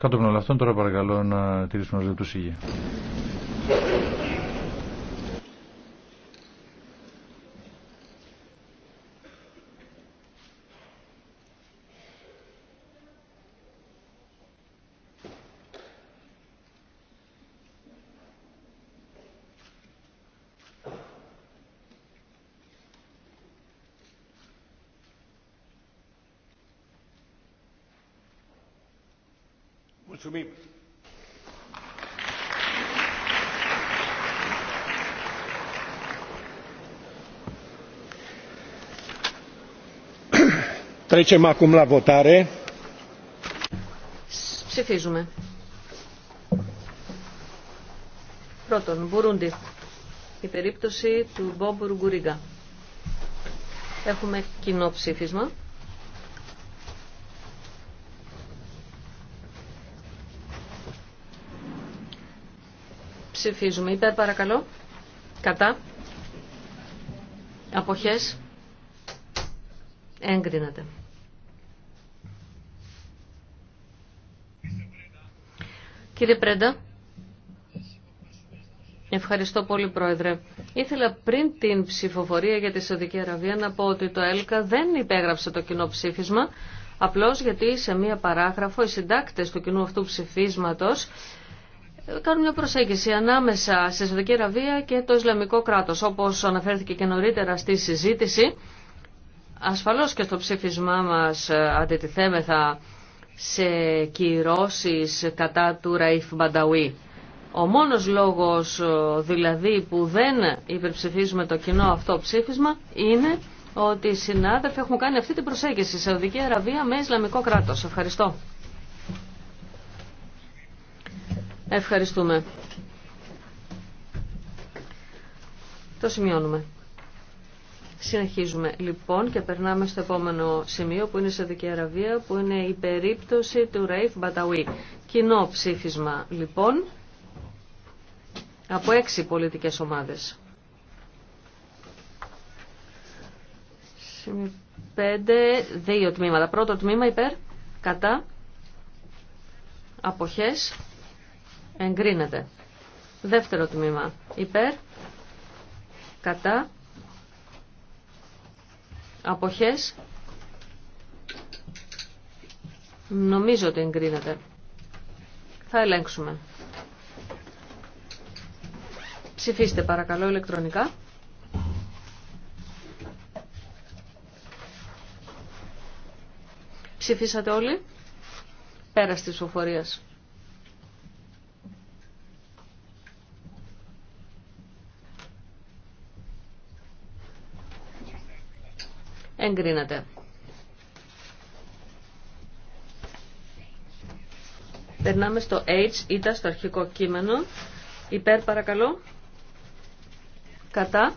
Κάτω από όλα αυτά, τώρα παρακαλώ να τηρήσουμε τους λεπτούς υγεία. Ψηφίζουμε. Πρώτον, Μπουρούντι. Η περίπτωση του Μπόμπουρου Γκουρίγκα. Έχουμε κοινό ψήφισμα. Ψηφίζουμε υπέρ παρακαλώ. Κατά. Αποχές. Έγκρινατε. Κύριε Πρέντα, ευχαριστώ πολύ Πρόεδρε. Ήθελα πριν την ψηφοφορία για τη Σαουδική Αραβία να πω ότι το ΕΛΚΑ δεν υπέγραψε το κοινό ψήφισμα, απλώς γιατί σε μία παράγραφο οι συντάκτες του κοινού αυτού ψηφίσματος Κάνουμε μια προσέγγιση ανάμεσα στη Σαουδική Αραβία και το Ισλαμικό κράτος. Όπως αναφέρθηκε και νωρίτερα στη συζήτηση, ασφαλώς και στο ψήφισμά μας ε, αντιτιθέμεθα σε κυρώσει κατά του Ραϊφ Μπανταουί. Ο μόνος λόγος ε, δηλαδή που δεν υπερψηφίζουμε το κοινό αυτό ψήφισμα είναι ότι οι συνάδελφοι έχουν κάνει αυτή την προσέγγιση Σαουδική Αραβία με Ισλαμικό κράτος. Ευχαριστώ. Ευχαριστούμε. Το σημειώνουμε. Συνεχίζουμε λοιπόν και περνάμε στο επόμενο σημείο που είναι σε δική Αραβία που είναι η περίπτωση του Ραϊφ Μπαταουί. Κοινό ψήφισμα λοιπόν από έξι πολιτικές ομάδες. Πέντε, δύο τμήματα. Πρώτο τμήμα υπέρ, κατά, αποχές, εγκρίνεται. Δεύτερο τμήμα υπέρ, κατά, αποχές, νομίζω ότι εγκρίνεται. Θα ελέγξουμε. Ψηφίστε παρακαλώ ηλεκτρονικά. Ψηφίσατε όλοι. Πέρα της οφορία. Εγκρίνεται. Περνάμε στο H, ήταν στο αρχικό κείμενο. Υπέρ παρακαλώ. Κατά.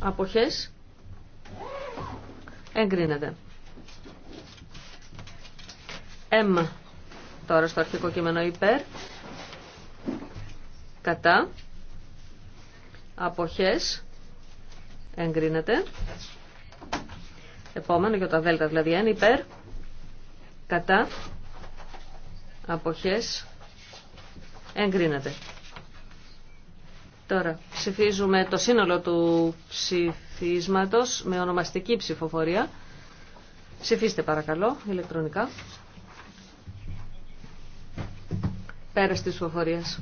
Αποχές. Εγκρίνεται. M. Τώρα στο αρχικό κείμενο υπέρ. Κατά. Αποχές εγκρίνεται. Επόμενο για τα δέλτα δηλαδή είναι υπέρ, κατά, αποχές, εγκρίνεται. Τώρα ψηφίζουμε το σύνολο του ψηφίσματος με ονομαστική ψηφοφορία. Ψηφίστε παρακαλώ ηλεκτρονικά. Πέρας της ψηφοφορίας.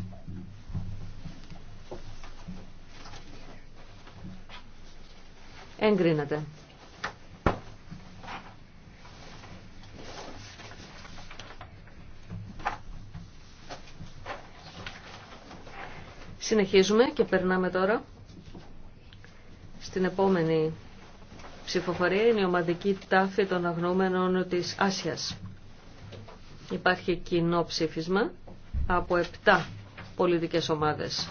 Εγκρίνεται. Συνεχίζουμε και περνάμε τώρα στην επόμενη ψηφοφορία. Είναι η ομαδική τάφη των αγνώμενων της Άσιας. Υπάρχει κοινό ψήφισμα από 7 πολιτικές ομάδες.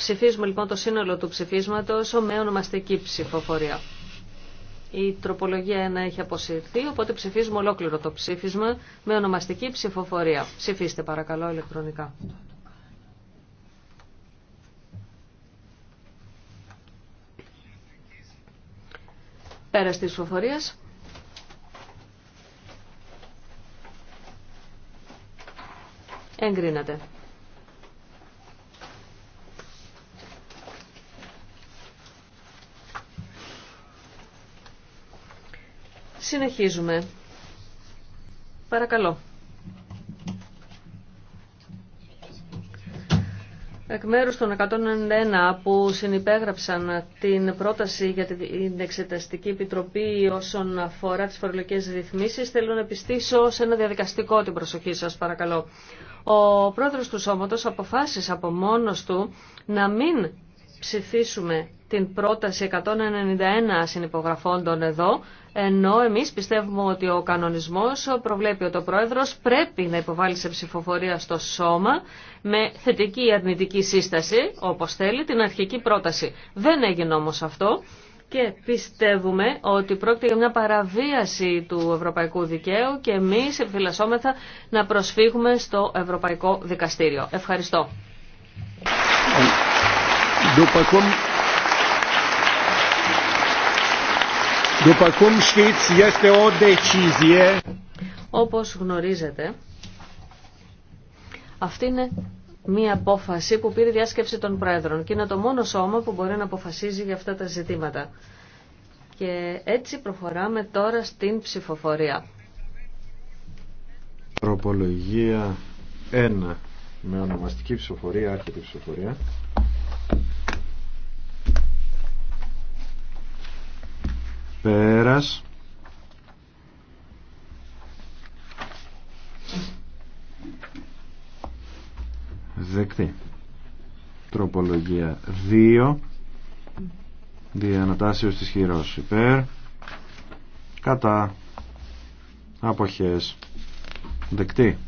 Ψηφίζουμε λοιπόν το σύνολο του ψηφίσματος με ονομαστική ψηφοφορία. Η τροπολογία 1 έχει αποσυρθεί, οπότε ψηφίζουμε ολόκληρο το ψήφισμα με ονομαστική ψηφοφορία. Ψηφίστε παρακαλώ ηλεκτρονικά. Πέρα της ψηφοφορίας. Εγκρίνατε. Συνεχίζουμε. Παρακαλώ. Εκ μέρους των 191 που συνυπέγραψαν την πρόταση για την Εξεταστική Επιτροπή όσον αφορά τις φορολογικές ρυθμίσεις, θέλω να επιστήσω σε ένα διαδικαστικό την προσοχή σας, παρακαλώ. Ο πρόεδρος του Σώματος αποφάσισε από μόνος του να μην ψηφίσουμε την πρόταση 191 συνυπογραφόντων εδώ, ενώ εμείς πιστεύουμε ότι ο κανονισμός προβλέπει ότι ο Πρόεδρος πρέπει να υποβάλει σε ψηφοφορία στο σώμα με θετική ή αρνητική σύσταση, όπως θέλει, την αρχική πρόταση. Δεν έγινε όμως αυτό. Και πιστεύουμε ότι πρόκειται για μια παραβίαση του ευρωπαϊκού δικαίου και εμείς επιφυλασσόμεθα να προσφύγουμε στο Ευρωπαϊκό Δικαστήριο. Ευχαριστώ. După o decizie. Όπως γνωρίζετε, αυτή είναι μία απόφαση που πήρε η διάσκεψη των Πρόεδρων και είναι το μόνο σώμα που μπορεί να αποφασίζει για αυτά τα ζητήματα. Και έτσι προχωράμε τώρα στην ψηφοφορία. Προπολογία 1 με ονομαστική ψηφοφορία, άρχεται ψηφοφορία. Πέρας. Δεκτή. Τροπολογία 2. Διανατάσεως της χειρός υπέρ. Κατά. Αποχές. Δεκτή.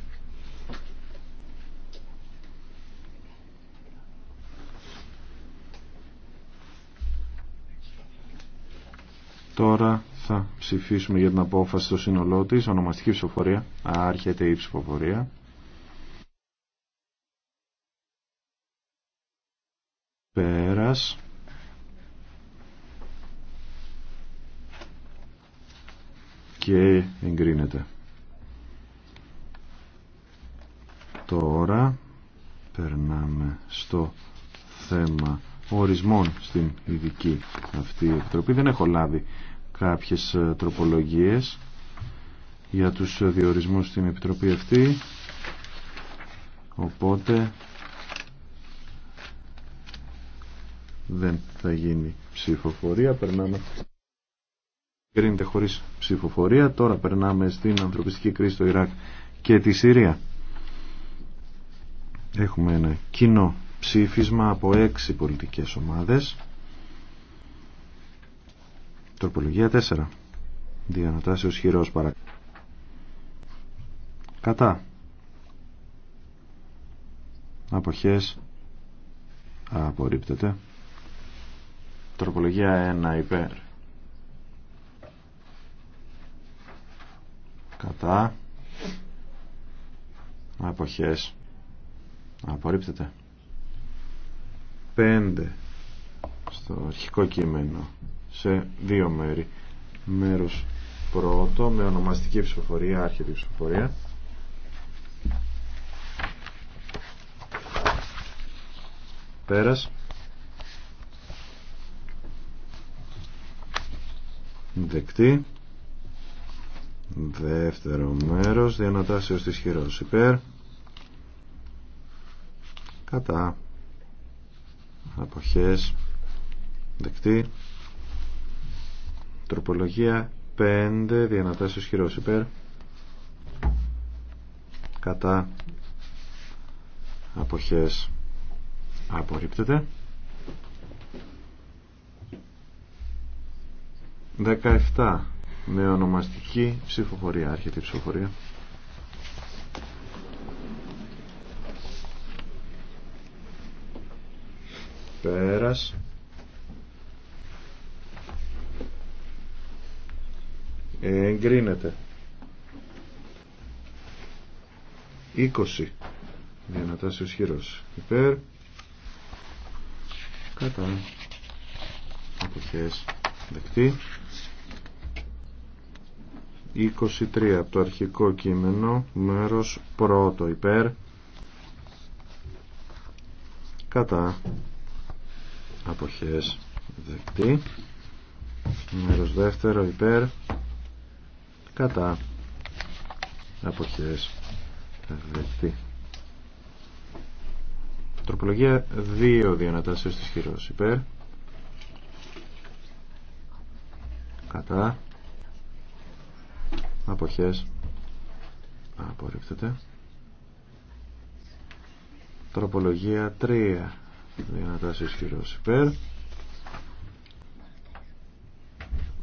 Τώρα θα ψηφίσουμε για την απόφαση στο σύνολό τη. Ονομαστική ψηφοφορία. Άρχεται η ψηφοφορία. Πέρας. Και εγκρίνεται. Τώρα περνάμε στο θέμα ορισμών στην ειδική αυτή επιτροπή. Δεν έχω λάβει κάποιες ε, τροπολογίες για τους ε, διορισμούς στην επιτροπή αυτή. Οπότε δεν θα γίνει ψηφοφορία. Περνάμε. Κρίνεται χωρίς ψηφοφορία. Τώρα περνάμε στην ανθρωπιστική κρίση στο Ιράκ και τη Συρία. Έχουμε ένα κοινό ψήφισμα από έξι πολιτικές ομάδες. Τροπολογία 4. Διανοτάσεως χειρός παρακαλώ. Κατά. Αποχές. Απορρίπτεται. Τροπολογία 1 υπέρ. Κατά. Αποχές. Απορρίπτεται. 5 στο αρχικό κείμενο σε δύο μέρη. Μέρος πρώτο με ονομαστική ψηφοφορία, άρχιτη ψηφοφορία. Πέρας. Δεκτή. Δεύτερο μέρος, διανατάσεως της χειρός υπέρ. Κατά αποχές δεκτή τροπολογία 5 διανατάσεις χειρός υπέρ κατά αποχές απορρίπτεται 17 με ονομαστική ψηφοφορία άρχεται ψηφοφορία σας. Εγκρίνεται. 20. Διανατάσεως χειρός. Υπέρ. Κατά. Αποχές. Δεκτή. 23 από το αρχικό κείμενο μέρος πρώτο υπέρ κατά αποχές δεκτή μέρος δεύτερο υπέρ κατά αποχές δεκτή τροπολογία 2 διανατάσεις της χειρός υπέρ κατά αποχές απορρίπτεται τροπολογία 3 δυνατά ισχυρός υπέρ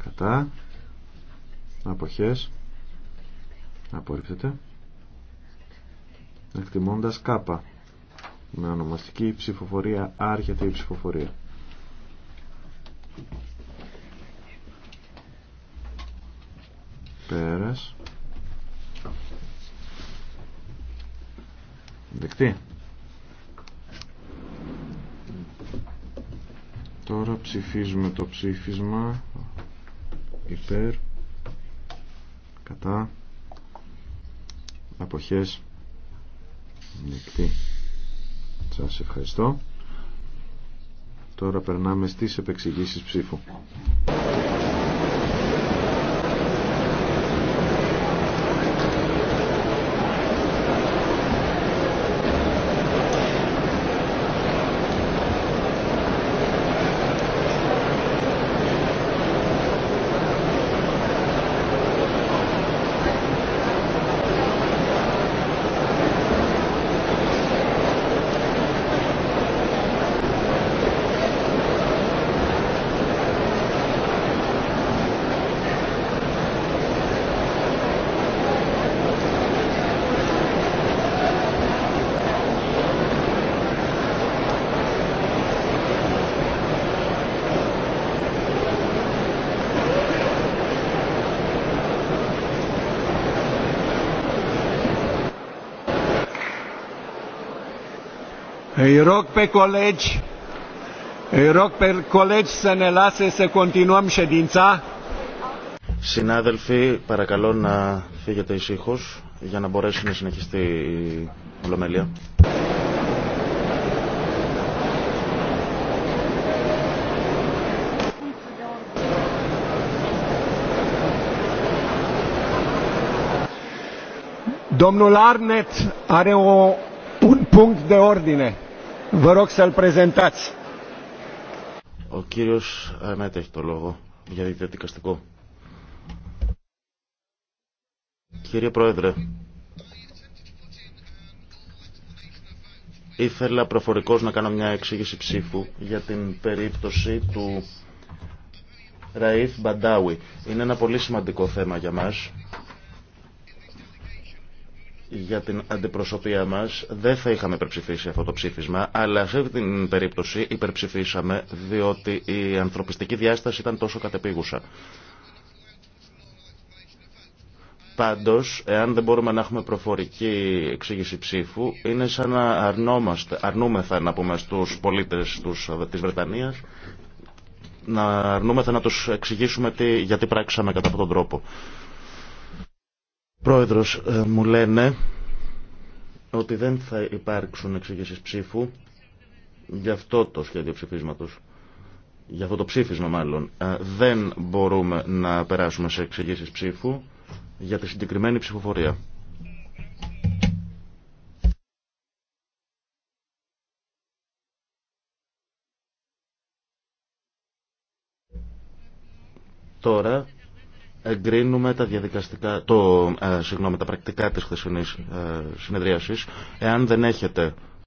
κατά αποχές απορρίπτεται εκτιμώντας κάπα με ονομαστική ψηφοφορία άρχεται η ψηφοφορία πέρας δεκτή Τώρα ψηφίζουμε το ψήφισμα υπέρ, κατά, αποχές, νεκτή. Σας ευχαριστώ. Τώρα περνάμε στις επεξηγήσεις ψήφου. Îi rog pe colegi, îi rog pe colegi să ne lase să continuăm ședința. Συνάδελφοι, παρακαλώ να φύγετε ησύχω για να μπορέσει να συνεχιστεί η ολομέλεια. Domnul Arnet are o, un punct de ordine. Ο κύριος ε, Ανέτα ναι, έχει το λόγο για διαδικαστικό. Κύριε Πρόεδρε, ήθελα προφορικώς να κάνω μια εξήγηση ψήφου για την περίπτωση του Ραΐφ Μπαντάουι. Είναι ένα πολύ σημαντικό θέμα για μας για την αντιπροσωπεία μας δεν θα είχαμε υπερψηφίσει αυτό το ψήφισμα, αλλά σε αυτή την περίπτωση υπερψηφίσαμε διότι η ανθρωπιστική διάσταση ήταν τόσο κατεπίγουσα. Πάντως, εάν δεν μπορούμε να έχουμε προφορική εξήγηση ψήφου, είναι σαν να αρνόμαστε, αρνούμεθα να πούμε στους πολίτες ε, της Βρετανίας, να αρνούμεθα να τους εξηγήσουμε τι, γιατί πράξαμε κατά αυτόν τον τρόπο. Πρόεδρος, ε, μου λένε ότι δεν θα υπάρξουν εξηγήσεις ψήφου για αυτό το σχέδιο ψηφίσματος. Για αυτό το ψήφισμα μάλλον. Ε, δεν μπορούμε να περάσουμε σε εξηγήσει ψήφου για τη συγκεκριμένη ψηφοφορία. Τώρα εγκρίνουμε τα διαδικαστικά, το, ε, συγγνώμη, τα πρακτικά της χθεσινής ε, συνεδρίασης. Εάν δεν έχετε